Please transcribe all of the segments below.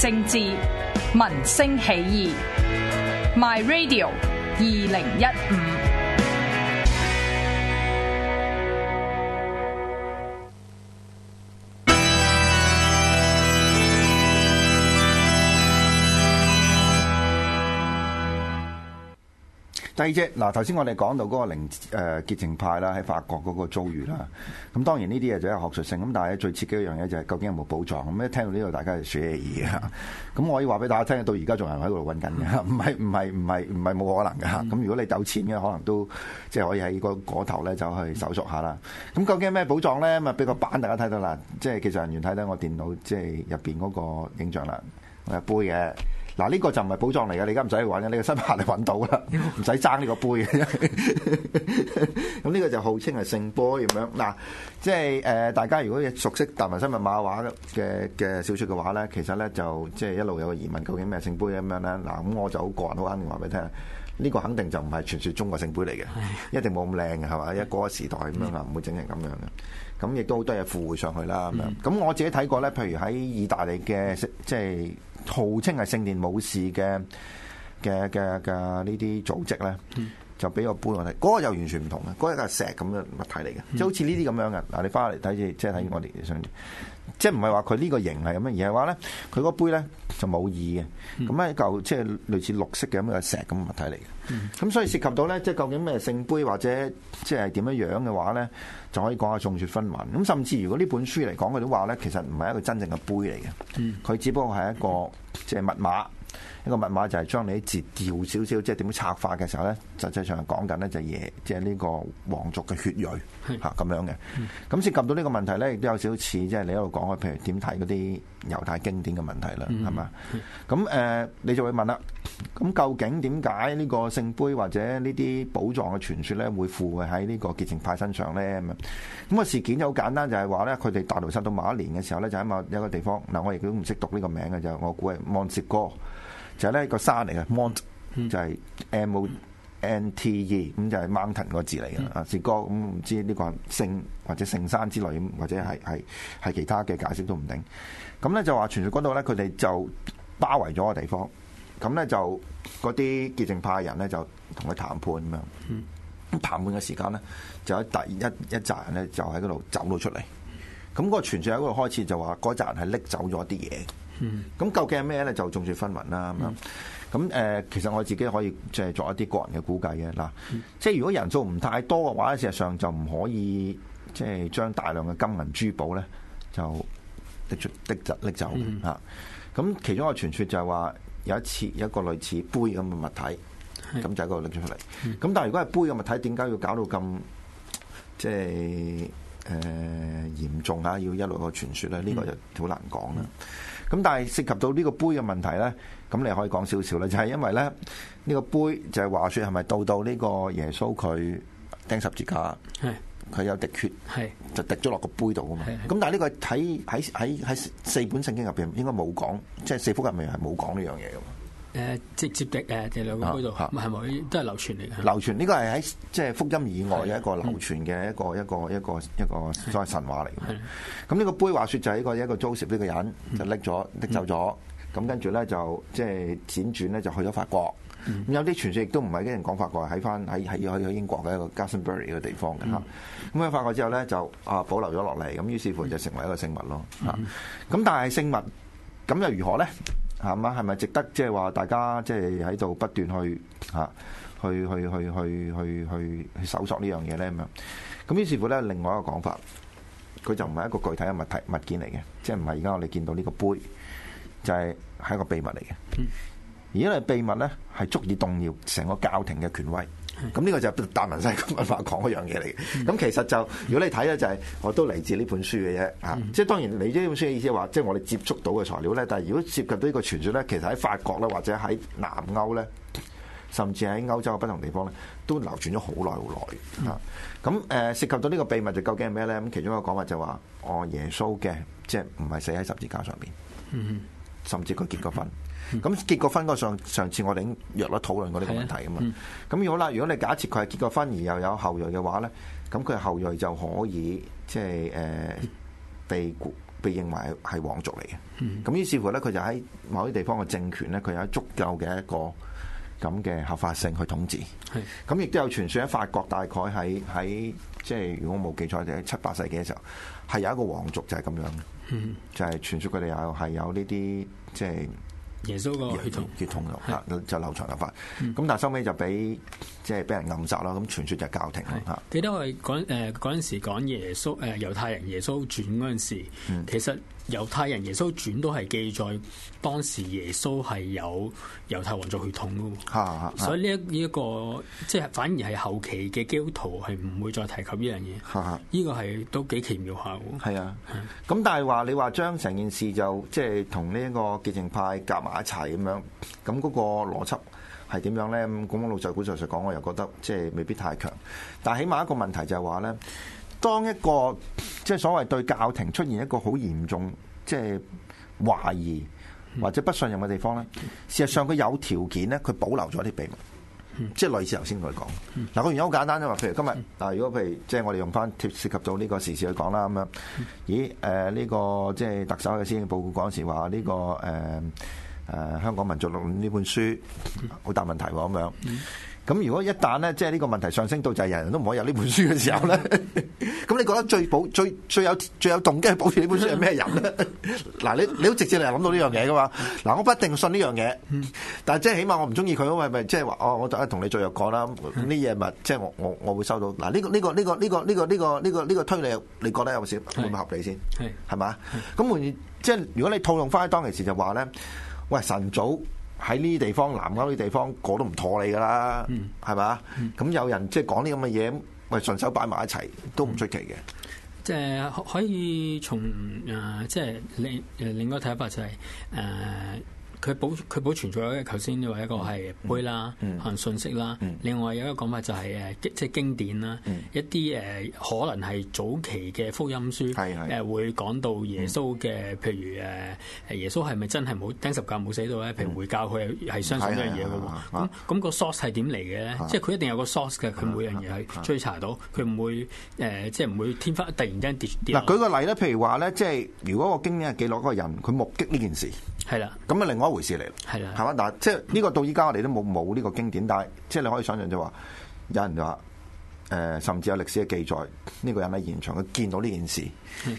政治民生起義，My Radio 二零一五。第二節嗱，頭先我哋講到嗰個零誒潔淨派啦，喺法國嗰個遭遇啦。咁當然呢啲嘢就有學術性，咁但係最刺激一樣嘢就係究竟有冇寶藏？咁一聽到呢度，大家就說嘢嘅。咁我可以話俾大家聽，到而家仲係喺度揾緊嘅，唔係唔係唔係唔係冇可能嘅。咁如果你有錢嘅，可能都即係可以喺個嗰頭咧走去搜索下啦。咁究竟咩寶藏咧？咁啊俾個版大家睇到啦，即係技術人員睇睇我電腦即係入邊嗰個影像啦，我係杯嘅。嗱，呢、啊這個就唔係寶藏嚟嘅，你而家唔使去揾嘅，你個新拍係揾到啦，唔使爭呢個杯。咁 呢、啊這個就號稱係聖杯咁樣。嗱、啊，即係誒、呃，大家如果熟悉大《達文西密碼》話嘅嘅小説嘅話咧，其實咧就即係一路有個疑問，究竟咩聖杯咁樣咧？嗱、啊，咁我就好個人好肯定話俾你聽。呢個肯定就唔係傳説中國聖杯嚟嘅，的一定冇咁靚嘅係嘛？一個，個時代咁樣唔會整成咁樣嘅。咁亦都好多嘢附會上去啦咁樣。咁、嗯、我自己睇過咧，譬如喺意大利嘅，即係號稱係聖殿武士嘅嘅嘅嘅呢啲組織咧，嗯、就俾、個杯我睇，嗰個又完全唔同嘅，嗰個係石咁嘅物體嚟嘅，即係好似呢啲咁樣嘅。嗱，你翻嚟睇住，即係睇我哋嘅相。即係唔係話佢呢個型係咁嘅嘢，係話咧佢個杯咧就冇意嘅，咁咧、嗯、一嚿即係類似綠色嘅咁嘅石咁物體嚟嘅。咁、嗯、所以涉及到咧，即係究竟咩聖杯或者即係點樣樣嘅話咧，就可以講下眾說，說紛紜。咁甚至如果呢本書嚟講佢都話咧，其實唔係一個真正嘅杯嚟嘅，佢、嗯、只不過係一個。即係密碼，呢個密碼就係將你啲字調少少，即係點樣策化嘅時候咧，實際上講緊咧就係、是、嘢，即係呢個皇族嘅血裔嚇咁樣嘅。咁涉及到呢個問題咧，亦都有少似即係你喺度講啊，譬如點睇嗰啲猶太經典嘅問題啦，係嘛？咁誒、呃，你就會問啦。咁究竟點解呢個聖杯或者呢啲寶藏嘅傳說咧，會附會喺呢個潔淨派身上咧？咁啊，咁個事件好簡單就係話咧，佢哋大屠殺到某一年嘅時候咧，就喺某一個地方嗱，我亦都唔識讀呢個名嘅就，我估係 Monte 哥，就係呢個山嚟嘅、嗯、m o n t、e，就係 M O N T E，咁就係 mountain 個字嚟嘅啊，哥咁唔知呢個聖或者聖山之類，或者係係係其他嘅解釋都唔定。咁咧就話傳説嗰度咧，佢哋就包圍咗個地方。咁咧就嗰啲結政派人咧就同佢談判咁樣，談判嘅時間咧就喺突然一紮人咧就喺嗰度走咗出嚟。咁個傳説喺嗰度開始就話嗰扎人係拎走咗啲嘢。咁究竟係咩咧？就眾説紛紜啦咁樣。咁誒，其實我自己可以即係作一啲個人嘅估計嘅嗱，即係如果人數唔太多嘅話，事實上就唔可以即係將大量嘅金銀珠寶咧就拎出拎走拎走嚇。咁其中一個傳説就係話。有一次，一個類似杯咁嘅物體，咁是就喺嗰度拎出嚟。咁、嗯、但係如果係杯嘅物體，點解要搞到咁即係誒嚴重啊？要一路個傳說咧，呢、呢個就好難講啦。咁、嗯、但係涉及到呢個杯嘅問題咧，咁你可以講少少啦，就係、是、因為咧呢、呢個杯就係話説係咪到到呢個耶穌佢釘十字架？佢有滴血，是就滴咗落的個杯度啊嘛。咁但係呢個喺喺喺喺四本聖經入邊應該冇講，即、就、係、是、四福入面係冇講呢樣嘢嘅。誒直接滴誒哋兩個杯度，係咪的都係流傳嚟嘅？流傳呢、這個係喺即係福音以外嘅一個流傳嘅一個一個一個一個，所謂的、嗯、神話嚟嘅。咁呢的個杯話説就係一個一個 Joseph 呢個人就拎咗拎走咗，咁、嗯嗯、跟住咧就即係輾轉咧就去咗法國。有啲傳說亦都唔係啲人講法國喺翻喺喺英國嘅一個 Glastonbury 嘅地方嘅嚇，咁樣發覺之後咧就啊保留咗落嚟，咁於是乎就成為一個聖物咯嚇。咁但係聖物咁又如何咧嚇？嘛係咪值得即係話大家即係喺度不斷去嚇去去去去去去，去搜索呢樣嘢咧咁樣？咁於是乎咧，另外一個講法，佢就唔係一個具體嘅物體物件嚟嘅，即係唔係而家我哋見到呢個杯，就係、係、係一個秘密嚟嘅。而因為秘密咧，係足以動搖成個教廷嘅權威。咁呢、嗯、個就係達文西文化講一樣嘢嚟嘅。咁、嗯、其實就如果你睇咧、就是嗯，就係、是、我都嚟自呢本書嘅啫。嚇，即係當然你呢本書嘅意思係話，即係我哋接觸到嘅材料咧。但係如果涉及到呢個傳説咧，其實喺法國咧，或者喺南歐咧，甚至喺歐洲嘅不同地方咧，都流傳咗好耐好耐。嚇，咁誒涉及到呢個秘密就究竟係咩咧？咁其中一個講法就話：哦，耶穌嘅即係唔係死喺十字架上邊？甚至佢結過婚。咁結過婚嗰上上次我哋已經約咗討論過呢個問題啊嘛，咁好啦，如果你假設佢係結過婚而又有後裔嘅話咧，咁佢後裔就可以即係誒、呃、被被認為係皇族嚟嘅。咁、嗯、於是乎咧，佢就喺某啲地方嘅政權咧，佢有足夠嘅一個咁嘅合法性去統治。咁亦都有傳説喺法國，大概喺喺即係如果我冇記錯喺七八世紀嘅時候，係有一個皇族就係咁樣，就係、是、傳説佢哋有係有呢啲即係。耶穌個血統結統就嚇流長頭髮，咁但係收尾就俾即係俾人暗殺啦，咁傳説就係教廷啦。嚇，記得我哋講，誒嗰陣時講耶穌誒、呃、猶太人耶穌傳嗰陣時，其實。嗯猶太人耶穌傳都係記載當時耶穌係有猶太王族血統噶，所以呢一呢一個即係反而係後期嘅基督徒係唔會再提及呢樣嘢。呢個係都幾奇妙下喎。係啊，咁但係話你話將成件事就即係同呢一個潔淨派夾埋一齊咁樣，咁嗰個邏輯係點樣咧？咁我老實古實實講，我又覺得即係未必太強。但係起碼一個問題就係話咧。當一個即係所謂對教廷出現一個好嚴重即係懷疑或者不信任嘅地方咧，事實上佢有條件咧，佢保留咗啲秘密，即係類似頭先佢講。嗱、那個原因好簡單啫嘛，譬如今日嗱，如果譬如，譬如即係我哋用翻涉涉及到呢個時事去講啦，咁樣，咦？誒、呃，呢、這個即係特首嘅施政報告講時話呢、這個誒誒、呃呃、香港民族論呢本書好大問題喎，咁樣。咁如果一旦咧，即係呢個問題上升到就係人人都唔可以有呢本書嘅時候咧，咁 你覺得最保最最有最有動機保住呢本書係咩人咧？嗱， 你你好直接嚟諗到呢樣嘢噶嘛？嗱，我不一定信呢樣嘢，但係即係起碼我唔中意佢，咁咪咪即係話哦，我就係同你再入講啦。呢嘢咪即係我我我會收到。嗱，呢個呢個呢個呢個呢個呢個呢個呢個推理，你覺得有冇少會唔合理先？係，係嘛？咁換言之，即係如果你套用翻當其時就話咧，喂，神祖。喺呢啲地方，南歐啲地方，個都唔妥你㗎啦，係嘛？咁有人即係講啲咁嘅嘢，咪順手擺埋一齊，都唔出奇嘅。即係可以從誒，即、呃、係、就是、另誒另一個睇法就係、是、誒。呃佢保佢保存咗，頭先你話一個係杯啦，行信息啦。另外有一個講法就係誒，即係經典啦，一啲誒可能係早期嘅福音書誒會講到耶穌嘅，譬如誒耶穌係咪真係冇釘十架冇死到咧？譬如回教佢係相信呢樣嘢喎。咁咁個 source 係點嚟嘅咧？即係佢一定有個 source 嘅，佢每樣嘢係追查到，佢唔會誒即係唔會天忽突然間跌跌。嗱舉個例啦，譬如話咧，即係如果個經典記錄嗰個人，佢目擊呢件事。係啦，咁啊，另外一回事嚟啦，係啦的，係嘛，但係即係呢個到依家我哋都冇冇呢個經典，但係即係你可以想象就話，有人就話，誒、呃，甚至有歷史嘅記載，呢、這個人喺現場佢見到呢件事，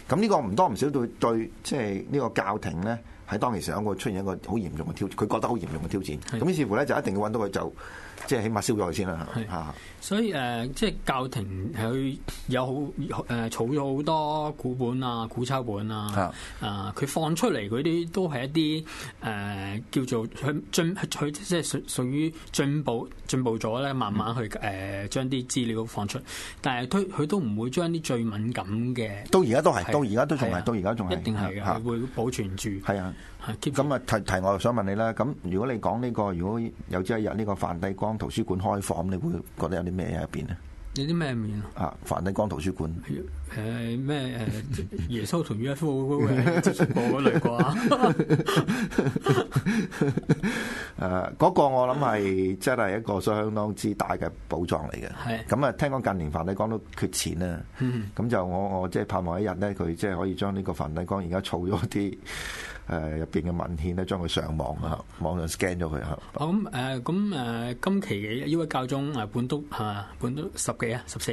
咁呢的個唔多唔少對對，即係呢個教廷咧，喺當其時有個出現一個好嚴重嘅挑，佢覺得好嚴重嘅挑戰，咁於是，的是乎咧就一定要揾到佢就，即係起碼燒咗佢先啦，吓的。的所以誒，即係教廷係去有好誒，儲咗好多古本啊、古抄本啊，啊的，佢、嗯、放出嚟嗰啲都係一啲誒、呃、叫做佢進佢即係屬屬於進步進步咗咧，慢慢去誒將啲資料放出，但係都佢都唔會將啲最敏感嘅。都而家都係到而家都仲係到而家仲係一定係會保存住。係啊的，係 keep，咁啊提提我想問你啦。咁如果你講呢、這個如果有朝一日呢個梵蒂岡圖書館開放，你會覺得有啲？咩入邊咧？有啲咩面啊？啊，梵蒂岡圖書館，誒咩誒，耶穌同耶穌嘅接觸簿類啩？誒，嗰個我諗係真係一個相當之大嘅寶藏嚟嘅。係是。咁啊，聽講近年梵蒂岡都缺錢啊。咁 就我我即係盼望一日咧，佢即係可以將呢個梵蒂岡而家儲咗啲。 誒入邊嘅文獻咧，將佢上網啊，網上 scan 咗佢嚇。咁誒、哦，咁、嗯、誒、嗯，今期嘅呢位教宗啊，本篤嚇，本篤十幾啊，十四。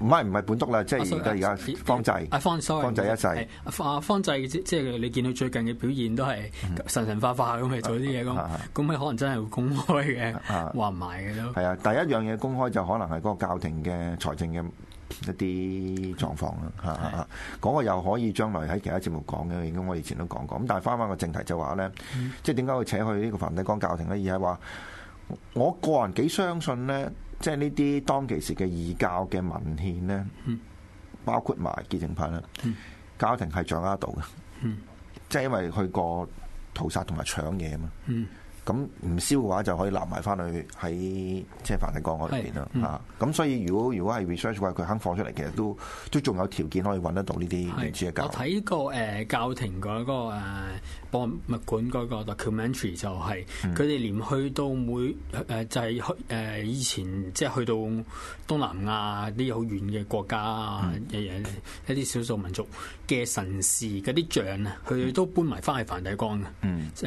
唔係唔係本篤啦，即係而家而家方濟啊，啊，方，Sorry, 方濟一世、啊。方濟即即係你見到最近嘅表現都係神神化化咁去、嗯、做啲嘢咁，咁佢、嗯嗯嗯嗯、可能真係會公開嘅，話唔埋嘅都。係啊，第一樣嘢公開就可能係嗰個教廷嘅財政嘅。 一啲狀況啦嚇嚇，嗰 Okay. 是個又可以將來喺其他節目講嘅。如果我以前都講過咁，但係翻返個正題就話咧，嗯、即係點解會扯去呢個梵蒂岡教廷咧？而係話，我個人幾相信咧，即係呢啲當其時嘅異教嘅文獻咧，嗯、包括埋潔淨派咧，嗯、教廷係掌握到嘅，嗯、即係因為去過屠殺同埋搶嘢啊嘛。嗯咁唔燒嘅話，就可以立埋翻去喺即係梵蒂岡嗰邊咯，嚇，咁是所以如果如果係 research 話，er,，佢肯放出嚟，其實都都仲有條件可以揾得到呢啲歷史嘅教。我睇過誒教廷嗰，那個，啊，博物館嗰個 documentary 就係佢哋連去到每，誒，就係，是，誒以前即係，就是，去到東南亞啲好遠嘅國家，誒、嗯、一啲少數民族嘅神士嗰啲像啊，佢哋都搬埋翻去梵蒂岡嘅。誒、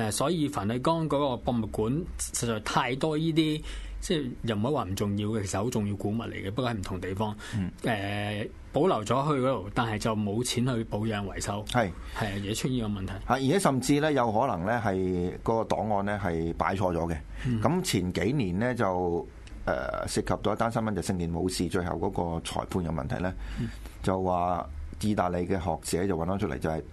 嗯、所以梵蒂岡嗰個。博物館實在太多呢啲，即係又唔可以話唔重要嘅，其實好重要古物嚟嘅。不過喺唔同地方，誒、嗯呃、保留咗去嗰度，但係就冇錢去保養維修，係係是，而出呢個問題吓，而家甚至咧有可能咧係嗰個檔案咧係擺錯咗嘅。咁、嗯、前幾年咧就誒、呃、涉及咗一單新聞，就聖殿武士最後嗰個裁判有問題咧，嗯、就話意大利嘅學者就搵翻出嚟，就係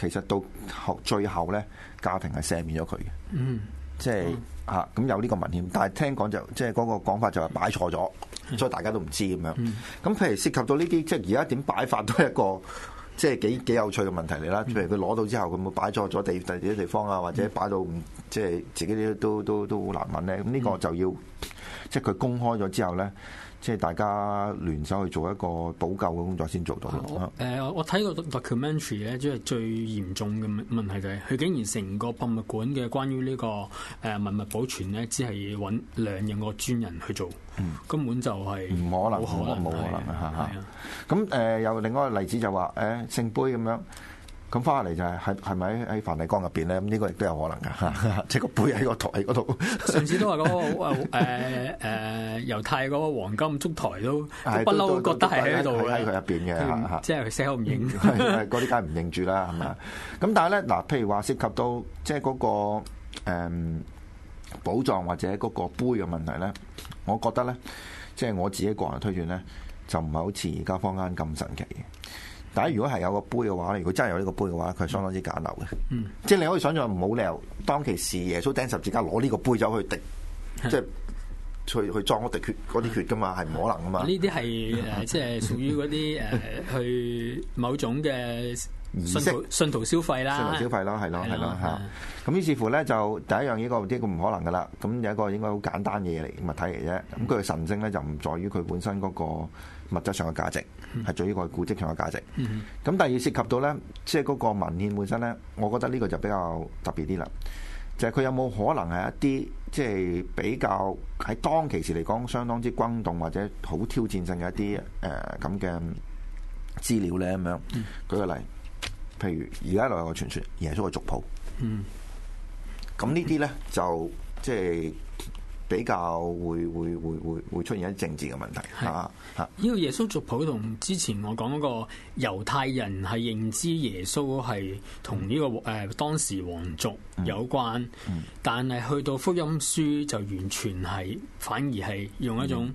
其實到學最後咧，家庭係赦免咗佢嘅。嗯。即係嚇，咁有呢個文獻，但係聽講就即係嗰個講法就係擺錯咗，所以大家都唔知咁樣。咁譬如涉及到呢啲，即係而家點擺法都係一個即係幾幾有趣嘅問題嚟啦。譬如佢攞到之後，佢會擺錯咗地地，第啲地方啊，或者擺到唔即係自己都都都好難揾咧。咁呢個就要即係佢公開咗之後咧。即係大家聯手去做一個補救嘅工作先做到咯、啊。我睇過 documentary 咧，即、呃、係最嚴重嘅問問題就係，佢竟然成個博物館嘅關於呢、這個誒文、呃、物，物保存咧，只係揾兩個專人去做，根本就係冇、嗯、可能，冇可能，冇可能啊！咁誒，有、呃、另外一個例子就話、是，誒、呃、聖杯咁樣。咁翻嚟就係係係咪喺梵蒂岡入邊咧？咁、這、呢個亦都有可能噶，即係個杯喺個台嗰度。上次都話嗰個誒誒猶太嗰個黃金燭台都不嬲，覺得係喺度喺佢入面嘅。面哈哈即係佢 e l 唔認，係嗰啲梗係唔認住啦，係咪？咁但係咧嗱，譬如話涉及到即係嗰個誒寶、呃、藏或者嗰個杯嘅問題咧，我覺得咧，即、就、係、是、我自己個人推斷咧，就唔係好似而家坊間咁神奇嘅。如果係有個杯嘅話咧，如果真係有呢個杯嘅話，佢係相當之簡陋嘅。嗯、即係你可以想象，冇理由當其時耶穌釘十字架攞呢個杯走去滴，的即係去去裝嗰滴血嗰啲血噶嘛，係唔可能噶嘛。呢啲係誒，即、就、係、是、屬於嗰啲誒，去某種嘅信徒信徒消費啦，信徒消費咯，係咯，係咯嚇。咁咯咯於是乎咧，就第一樣呢個呢個唔可能噶啦。咁有一個應該好簡單嘅嘢嚟物體嚟啫。咁佢嘅神聖咧，就唔在於佢本身嗰個物質上嘅價值。係做呢個古蹟上嘅價值，咁第二涉及到呢，即係嗰個文獻本身呢，我覺得呢個就比較特別啲啦。就係、是、佢有冇可能係一啲即係比較喺當其時嚟講相當之轟動或者好挑戰性嘅一啲誒咁嘅資料呢？咁樣，舉個例，譬如而家流行個傳說耶穌嘅族譜，嗯，咁呢啲呢，就即係。就是比較會會會會會出現一啲政治嘅問題嚇嚇。呢個是吧耶穌族譜同之前我講嗰個猶太人係認知耶穌係同呢個誒當時皇族有關，嗯、但係去到福音書就完全係反而係用一種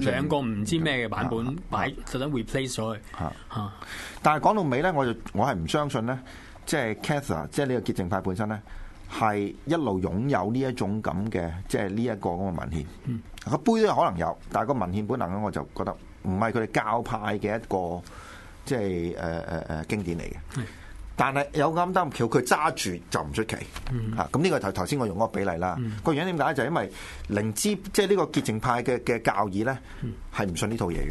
兩個唔知咩嘅版本擺特登 replace 咗佢嚇。嗯、但係講到尾咧，我就我係唔相信咧，即係 Cathar 即係呢個潔淨派本身咧。係一路擁有呢一種咁嘅，即係呢一個咁嘅文獻。個、嗯、杯都可能有，但係個文獻本能咧，我就覺得唔係佢哋教派嘅一個，即係誒誒誒經典嚟嘅。係。但係有咁啱橋，佢揸住就唔出奇嚇。咁呢個頭頭先我用嗰個比例啦。個、嗯、原因點解？就因為靈知即係呢個潔淨派嘅嘅教義咧，係唔、嗯、信呢套嘢嘅。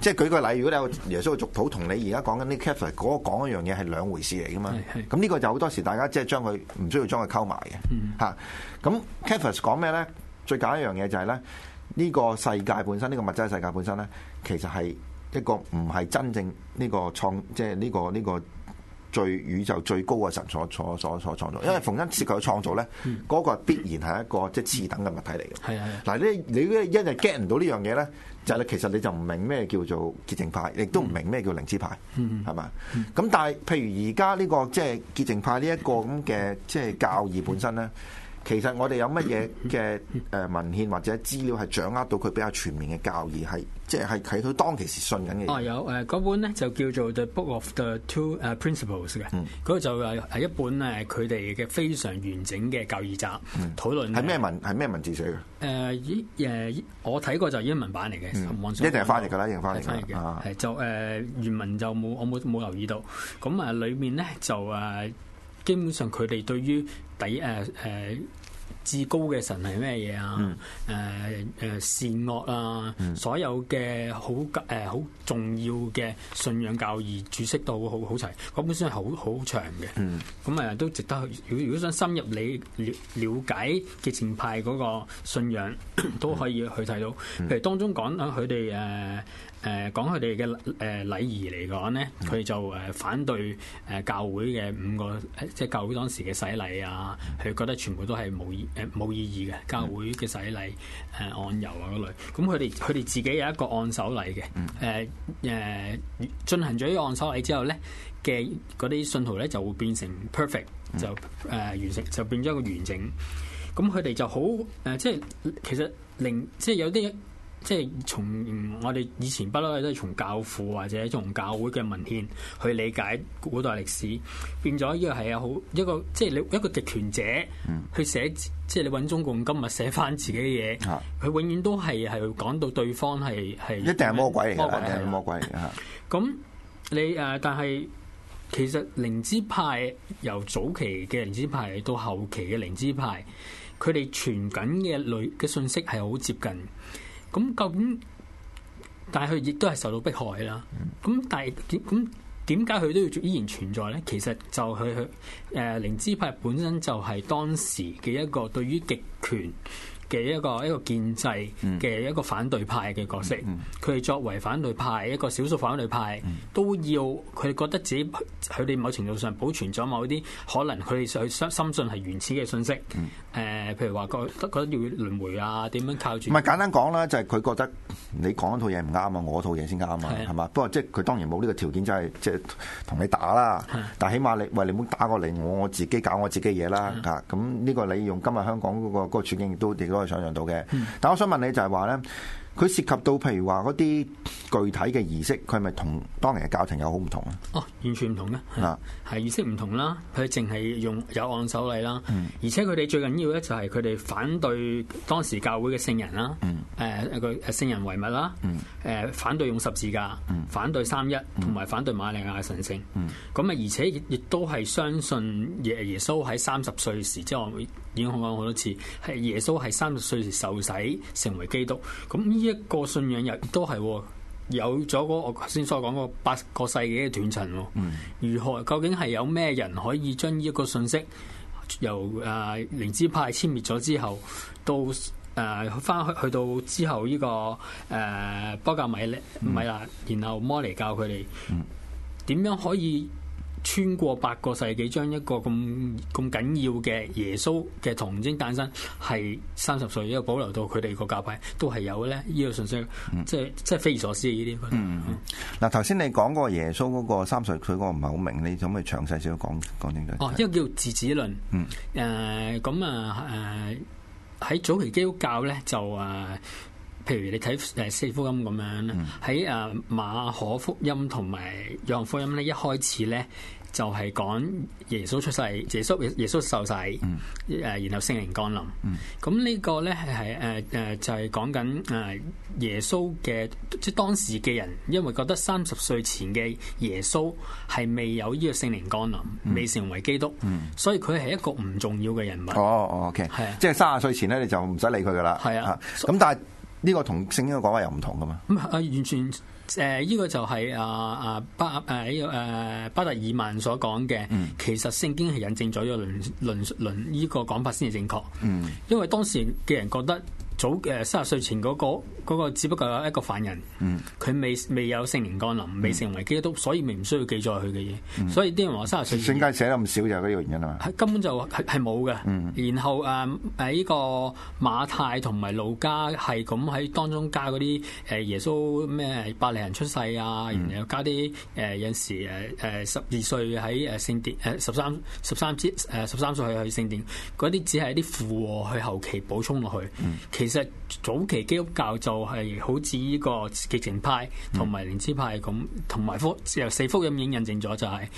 即係是舉個例，如果你有耶穌嘅族譜同你而家講緊啲 Cathar 嗰個講一樣嘢係兩回事嚟噶嘛。咁呢個就好多時大家即係將佢唔需要將佢溝埋嘅嚇。咁 Cathar 講咩咧？最簡單一樣嘢就係咧，呢個世界本身，呢、呢個物質世界本身咧，其實係一個唔係真正呢個創即係呢個呢個。就是這個最宇宙最高嘅神所所所所創造，因為逢親涉及嘅創造咧，嗰、嗯、個必然係一個即係次等嘅物體嚟嘅。係啊、嗯，嗱，你你一日 get 唔到呢樣嘢咧，就係、是、你其實你就唔明咩叫做潔淨派，亦都唔明咩叫靈知派，係嘛、嗯？咁、嗯、但係譬如而家呢個即係、就是、潔淨派呢一個咁嘅即係教義本身咧。其實我哋有乜嘢嘅誒文獻或者資料係掌握到佢比較全面嘅教義，係即係係佢當其時信緊嘅。哦，有誒，嗰本咧就叫做 The Book of the Two Principles 嘅，嗰個、嗯、就係係一本誒佢哋嘅非常完整嘅教義集討論。係咩、嗯、文係咩文字寫嘅？誒依誒我睇過就係英文版嚟嘅，嗯、網上一定係翻譯㗎啦，一定係翻譯嘅。翻譯嘅係就誒、呃、原文就冇我冇冇留意到，咁啊裏面咧就誒。基本上佢哋對於底誒誒、呃、至高嘅神係咩嘢啊？誒、呃、誒善惡啊，嗯、所有嘅好誒好、呃、重要嘅信仰教義注釋到好好齊，嗰本書係好好長嘅。咁啊都值得，如果、嗯嗯、如果想深入你了了解潔淨派嗰個信仰， 都可以去睇到。譬如當中講啊，佢哋誒。呃誒講佢哋嘅誒禮儀嚟講咧，佢就誒反對誒教會嘅五個，即係教會當時嘅洗禮啊，佢覺得全部都係冇意誒冇意義嘅，教會嘅洗禮誒按油啊嗰類。咁佢哋佢哋自己有一個按手禮嘅，誒誒進行咗呢個按手禮之後咧嘅嗰啲信徒咧就會變成 perfect，就誒完成就變咗一個完整。咁佢哋就好誒，即係其實令即係有啲。即係從我哋以前不嬲，都係從教父或者從教會嘅文獻去理解古代歷史，變咗呢個係有好一個，即係你一個極權者去寫，嗯、即係你揾中共今日寫翻自己嘅嘢，佢、啊、永遠都係係講到對方係係一定係魔鬼嚟嘅，係魔鬼嚟嘅。咁你誒，但係其實靈知派由早期嘅靈知派到後期嘅靈知派，佢哋傳緊嘅類嘅信息係好接近。咁究竟，但係佢亦都係受到迫害啦。咁但係點？咁點解佢都要依然存在咧？其實就佢佢誒靈知派本身就係當時嘅一個對於極權。嘅一個一個建制嘅一個反對派嘅角色，佢哋作為反對派一個少數反對派，都要佢哋覺得自己佢哋某程度上保存咗某啲可能佢哋想深信係原始嘅信息。誒，譬如話覺得要輪迴啊，點樣靠住？唔係簡單講啦，就係佢覺得你講一套嘢唔啱啊，我套嘢先啱啊，係嘛？不過即係佢當然冇呢個條件，就係即係同你打啦。但起碼你喂，你唔好打過嚟，我我自己搞我自己嘢啦。嚇咁呢個你用今日香港嗰個嗰個處境都可以想象到嘅，但我想問你就係話咧。佢涉及到譬如話啲具體嘅儀式，佢係咪同當年嘅教廷有好唔同啊？哦，完全唔同嘅。啊，係儀式唔同啦，佢淨係用有按手禮啦，嗯、而且佢哋最緊要咧就係佢哋反對當時教會嘅聖人啦，誒一個聖人遺物啦，誒、嗯呃、反對用十字架，嗯、反對三一，同埋、嗯、反對瑪利亞嘅神聖。咁啊、嗯，嗯、而且亦亦都係相信耶穌耶穌喺三十歲時之後，已經講咗好多次，係耶穌係三十歲時受洗成為基督。咁。呢一個信仰又都係有咗、嗰個我先所講個八個世紀嘅斷層，嗯、如何究竟係有咩人可以將呢一個信息由誒、呃、靈知派殲滅咗之後，到誒翻去去到之後呢、呢個誒波格米勒、嗯、米勒，然後摩尼教佢哋點樣可以？穿過八個世紀，將一個咁咁緊要嘅耶穌嘅童貞誕生係三十歲，而家保留到佢哋個教派都係有咧呢個信息，即係即係匪夷所思嘅呢啲。嗯，嗱種，頭先、嗯、你講嗰個耶穌嗰個三十歲，我唔係好明，你可唔可以詳細少講講清楚？哦，一、喔這個叫嗣子論。嗯。誒、呃，咁啊，誒、呃、喺早期基督教咧就誒。譬如你睇誒四福音咁樣，喺誒馬可福音同埋約翰福音咧，一開始咧就係、是、講耶穌出世，耶穌耶穌受洗，誒然後聖靈降臨。咁、嗯、呢個咧係係誒誒就係講緊誒耶穌嘅，即係當時嘅人因為覺得三十歲前嘅耶穌係未有呢個聖靈降臨，未成為基督，嗯嗯、所以佢係一個唔重要嘅人物。哦，OK，係啊，即係卅歲前咧你就唔使理佢噶啦。係啊，咁、嗯、但係。呢個同聖經嘅講法又唔同噶嘛？咁、呃這個就是、啊，完全誒呢個就係啊巴啊巴誒呢個誒巴達爾曼所講嘅。嗯、其實聖經係引證咗呢個論論論呢個講法先係正確。嗯，因為當時嘅人覺得早誒三十歲前嗰、那個。嗰個只不過係一個凡人，佢，嗯、未未有聖靈降臨，嗯、未成為基督，所以未唔需要記載佢嘅嘢。嗯、所以啲人話三十歲，聖經寫得咁少就係呢個原因啊嘛。嗯、根本就係冇嘅。嗯、然後誒喺，嗯這個馬太同埋路加係咁喺當中加嗰啲誒耶穌咩百利人出世啊，然後，嗯、加啲誒有陣時誒誒十二歲喺誒聖殿誒十三十三之誒十三歲去聖殿嗰啲只係一啲附和去後期補充落去。其實早期基督教就係好似呢個潔淨派同埋靈知派咁，同埋復由四福音已經印證咗，就係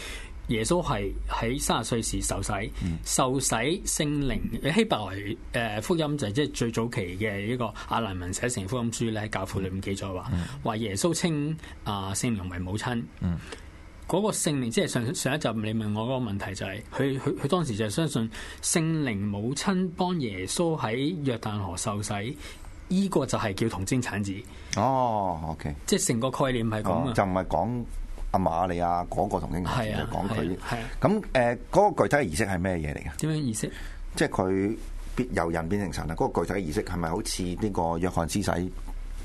耶穌係喺三十歲時受洗，嗯、受洗聖靈希伯來誒福音就即係最早期嘅呢個亞蘭文寫成福音書咧，教父裏面記載話，話、嗯、耶穌稱啊聖靈為母親。嗰、嗯、個聖靈即係上上一集你問我嗰個問題就係、是，佢佢佢當時就係相信聖靈母親幫耶穌喺約旦河受洗。呢個就係叫童貞產子哦、oh，OK，即係成個概念係咁、oh, 就唔係講阿瑪利亞嗰個童貞啊，係講佢。咁誒嗰個具體嘅儀式係咩嘢嚟嘅？點樣儀式？即係佢必由人變成神啊！嗰、那個具體嘅儀式係咪好似呢個約翰之使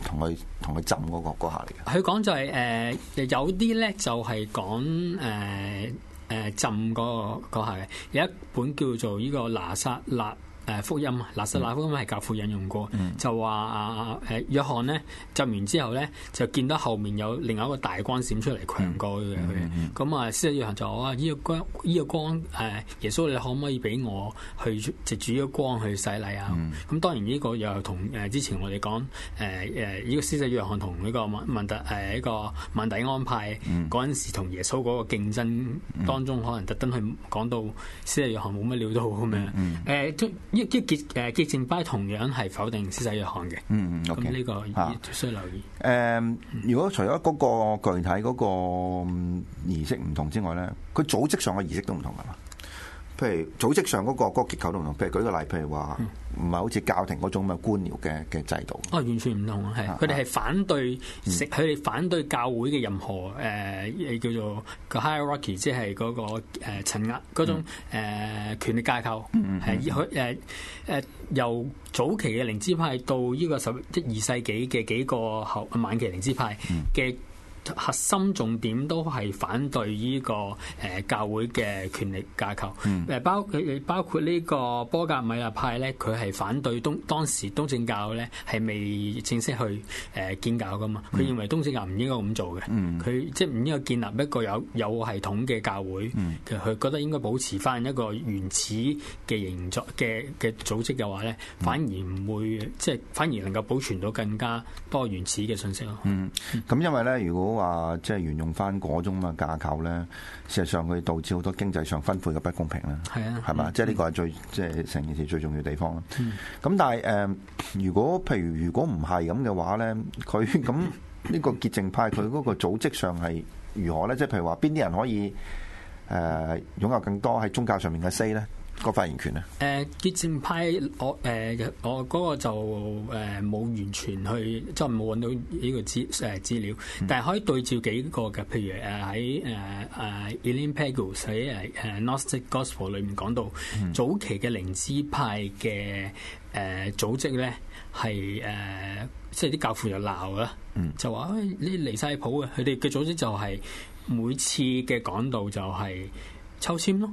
同佢同佢浸嗰、那個嗰下嚟嘅？佢講就係、是、誒、呃、有啲咧就係講誒誒浸、那個個下嘅，有一本叫做呢個拿撒勒。誒福音啊，哪色哪福音係教父引用過，就話啊誒約翰呢浸完之後咧，就見到後面有另外一個大光閃出嚟，強過佢嘅咁啊，司祭約翰就話：呢個光，呢個光誒，耶穌你可唔可以俾我去借住呢個光去洗禮啊？咁當然呢個又同誒之前我哋講誒誒呢個司祭約翰同呢個文文底誒一個文底安排。嗰陣時同耶穌嗰個競爭當中，可能特登去講到司祭約翰冇乜料到咁樣誒。一啲結誒潔淨派同樣係否定施洗約翰嘅，嗯，咁呢個亦都需要留意。誒，如果除咗嗰個具體嗰個儀式唔同之外咧，佢組織上嘅儀式都唔同係嘛？譬如組織上嗰個嗰個結構都唔同，譬如舉個例，譬如話。唔係好似教廷嗰種咁嘅官僚嘅嘅制度。哦，完全唔同，係，佢哋係反對，食，佢哋反對教會嘅任何誒誒、嗯、叫做 hierarchy、嗰個 hierarchy，即係嗰個誒層壓嗰種誒、嗯呃、權力架構，係以佢誒誒由早期嘅靈芝派到呢個十一二世紀嘅幾個後晚期靈芝派嘅。嗯核心重點都係反對呢個誒教會嘅權力架構，誒包佢包括呢個波格米亞派咧，佢係反對東當時東正教咧係未正式去誒建教噶嘛，佢、呃嗯、認為東正教唔應該咁做嘅，佢、嗯、即係唔應該建立一個有有系統嘅教會，其實佢覺得應該保持翻一個原始嘅形狀嘅嘅組織嘅話咧，反而唔會、嗯、即係反而能夠保存到更加多原始嘅信息咯。嗯，咁因為咧如果話即係沿用翻嗰種嘅架構咧，事實上佢導致好多經濟上分配嘅不公平啦，係啊，係嘛吧，嗯、即係呢個係最即係成件事最重要地方咯。咁、嗯、但係誒、呃，如果譬如如果唔係咁嘅話咧，佢咁呢個潔淨派佢嗰個組織上係如何咧？即係譬如話邊啲人可以誒擁、呃、有更多喺宗教上面嘅西咧？個發言權啊？誒潔淨派，我誒、uh, 我嗰個就誒冇、uh, 完全去，即係冇揾到呢個資誒資料，嗯、但係可以對照幾個嘅，譬如誒喺誒誒 Elaine Pagels 喺誒 Gnostic Gospel 裏面講到，早期嘅靈知派嘅誒、uh, 組織咧係誒，uh, 即係啲教父就鬧啦，嗯、就話呢、哎、離曬譜嘅，佢哋嘅組織就係每次嘅講道就係抽籤咯。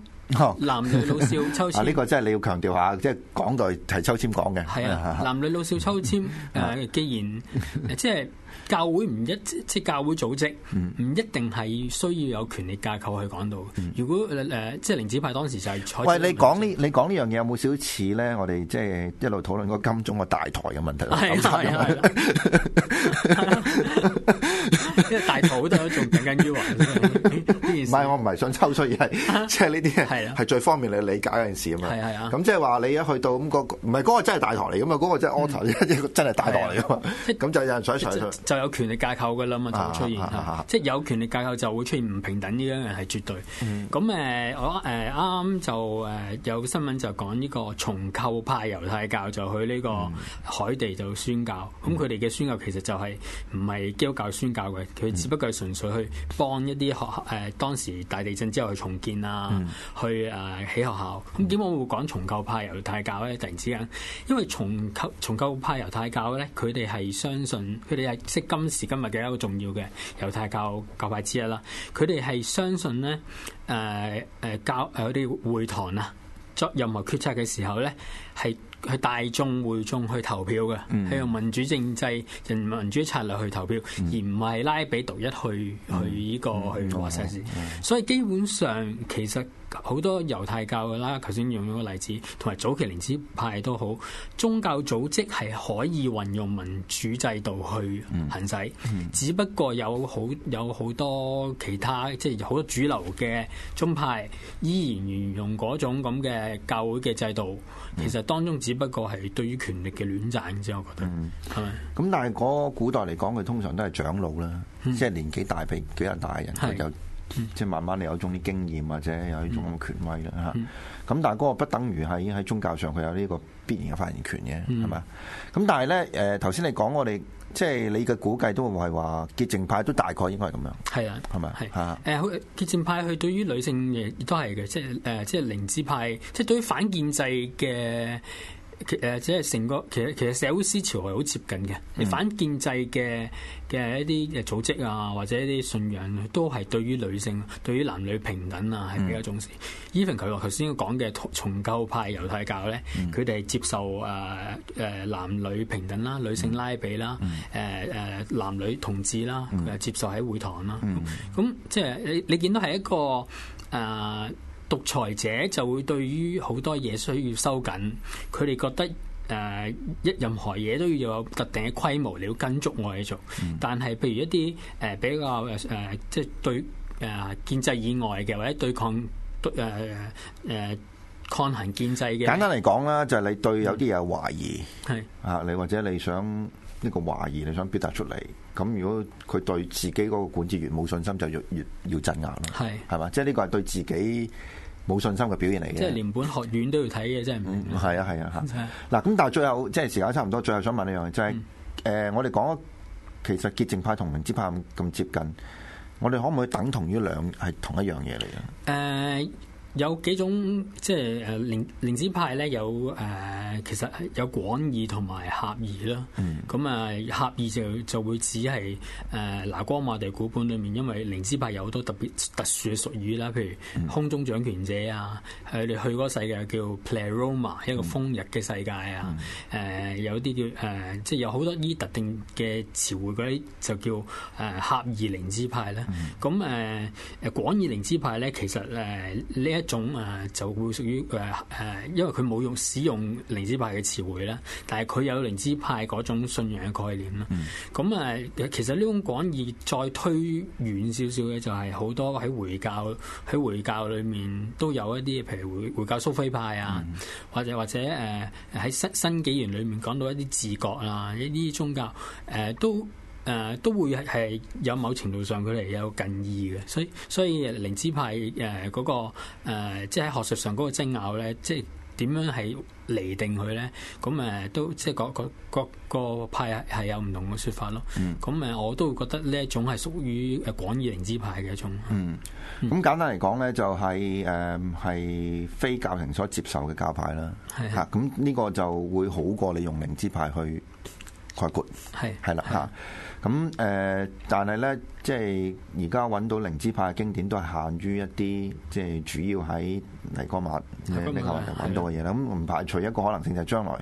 男女老少抽籤、啊，呢、這個真係你要強調下，即係港代係抽籤講嘅。係啊，男女老少抽籤，誒、啊，既然即係教會唔一即係教會組織，唔、嗯、一定係需要有權力架構去講到。如果誒、呃、即係靈子派當時就係。喂，你講呢？你講呢樣嘢有冇少似咧？我哋即係一路討論嗰金鐘個大台嘅問題。係係，因為大台都仲緊要腰。呢件事，唔係， 我唔係想抽出，而係、啊、即係呢啲係最方便你理解嗰件事啊嘛。係啊，咁即係話你一去到咁、嗰個，唔係嗰個真係大堂嚟嘅嘛？嗰、嗰個真安台，真係大堂嚟嘅嘛？咁就有人想抬就，就有權力架構嘅啦嘛，就會出現即係、啊啊、有權力架構就會出現唔平等呢樣嘢係絕對。咁誒、嗯，我誒啱啱就誒有新聞就講呢個重構派猶太教就去呢個海地就宣教，咁佢哋嘅宣教其實就係唔係基督教宣教嘅，佢只不過係純粹去幫一啲學。誒當時大地震之後去重建啊，嗯、去誒起學校。咁點解我會講重構派猶太教咧？突然之間，因為重構重構派猶太教咧，佢哋係相信佢哋係即今時今日嘅一個重要嘅猶太教教派之一啦。佢哋係相信咧，誒、呃、誒教誒啲、呃、會堂啊，作任何決策嘅時候咧係。去大眾會眾去投票嘅，係、嗯、用民主政制、人民主策略去投票，嗯、而唔係拉比獨一去、嗯、去呢個去話西施，嗯、所以基本上其實。好多猶太教噶啦，頭先用咗個例子，同埋早期靈知派都好，宗教組織係可以運用民主制度去行使，嗯嗯、只不過有好有好多其他，即係好多主流嘅宗派依然沿用嗰種咁嘅教會嘅制度。嗯、其實當中只不過係對於權力嘅戀棧啫，我覺得係咪？咁、嗯、吧但係古代嚟講，佢通常都係長老啦，嗯嗯、即係年紀大比幾大人大人佢就。的的即係慢慢你有咗啲經驗或者有啲咁嘅權威啦嚇，咁、嗯、但係嗰個不等於喺喺宗教上佢有呢個必然嘅發言權嘅，係嘛、嗯？咁但係咧誒，頭、呃、先你講我哋即係你嘅估計都係話潔淨派都大概應該係咁樣，係啊，係咪吧啊？誒、啊，潔淨派佢對於女性亦都係嘅，即係誒、呃，即係靈知派，即係對於反建制嘅。其即係成個其實個其實社會思潮係好接近嘅，mm. 反建制嘅嘅一啲嘅組織啊，或者一啲信仰都係對於女性、對於男女平等啊，係比較重視。Mm. Even 佢話頭先講嘅重構派猶太教咧，佢哋係接受誒誒、呃、男女平等啦、女性拉比啦、誒誒、mm. 呃、男女同志啦，佢係接受喺會堂啦。咁、mm. 即係你你見到係一個誒。呃獨裁者就會對於好多嘢需要收緊，佢哋覺得誒一、呃、任何嘢都要有特定嘅規模，你要跟足我去做。但係譬如一啲誒、呃、比較誒、呃、即係對誒建制以外嘅或者對抗誒誒、呃、抗衡建制嘅。簡單嚟講啦，就係、是、你對有啲嘢懷疑，係啊、嗯，你或者你想呢、這個懷疑，你想表達出嚟。咁如果佢對自己嗰個管治權冇信心就，就越越要鎮壓咯。係係嘛，即係呢個係對自己。冇信心嘅表現嚟嘅，即係連本學院都要睇嘅，真係唔係啊？係啊係啊吓嗱咁， 但係最後即係時間差唔多，最後想問一樣嘢就係、是、誒、嗯呃，我哋講其實潔淨派同民主派咁接近，我哋可唔可以等同於兩係同一樣嘢嚟嘅？誒。呃有幾種即係誒靈靈芝派咧，有、呃、誒其實有廣義同埋狹義啦。咁啊，狹 義就就會只係誒嗱光馬地古本裏面，因為靈芝派有好多特別特殊嘅術語啦，譬如空中掌權者啊，佢、呃、哋去嗰世， 世界、呃、叫 Pleroma 一個豐日嘅世界啊。誒、呃、有啲叫誒即係有好多依特定嘅詞彙啲，就叫誒狹義靈芝派咧。咁誒誒廣義靈芝派咧，其實誒呢一一種誒就會屬於誒誒，因為佢冇用使用靈知派嘅詞彙咧，但係佢有靈知派嗰種信仰嘅概念啦。咁誒、嗯、其實呢種廣義再推遠少少嘅，就係好多喺回教喺回教裏面都有一啲，譬如回回教蘇菲派啊，嗯、或者或者誒喺新新紀元裏面講到一啲自覺啊，一啲宗教誒都。嗯嗯誒都會係有某程度上佢哋有近義嘅，所以所以靈知派誒、那、嗰個誒、呃、即係學術上嗰個爭拗咧，即係點樣係釐定佢咧？咁誒都即係各各個派係有唔同嘅説法咯。咁誒、嗯、我都會覺得呢一種係屬於誒廣義靈知派嘅一種。嗯，咁、嗯、簡單嚟講咧，就係誒係非教廷所接受嘅教派啦。係係的。咁呢、啊、個就會好過你用靈知派去。概括係係啦，嚇咁誒，但係咧，即係而家揾到靈知派嘅經典都係限於一啲，即係主要喺尼哥馬尼尼亞揾到嘅嘢啦。咁唔排除一個可能性，就係將來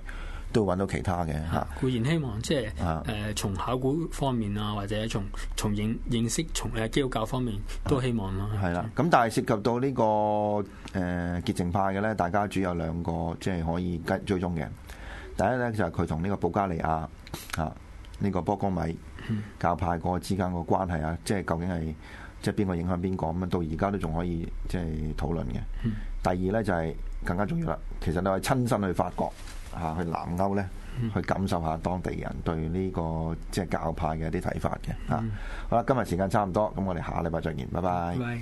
都會揾到其他嘅，嚇。固然希望即係誒，從考古方面啊，或者從從認認識，從誒基督教方面都希望咯。係啦，咁但係涉及到呢個誒潔淨派嘅咧，大家主要有兩個即係可以跟追蹤嘅，第一咧，就係佢同呢個保加利亞。啊！呢個波哥米教派嗰個之間個關係啊，即係究竟係即係邊個影響邊個咁啊？到而家都仲可以即係討論嘅。第二呢，就係、是、更加重要啦。其實你係親身去法國嚇去南歐呢，去感受下當地人對呢、這個即係教派嘅一啲睇法嘅。嚇、啊！嗯、好啦，今日時間差唔多，咁我哋下個禮拜再見，拜拜。拜拜。